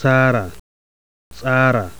tsara tsara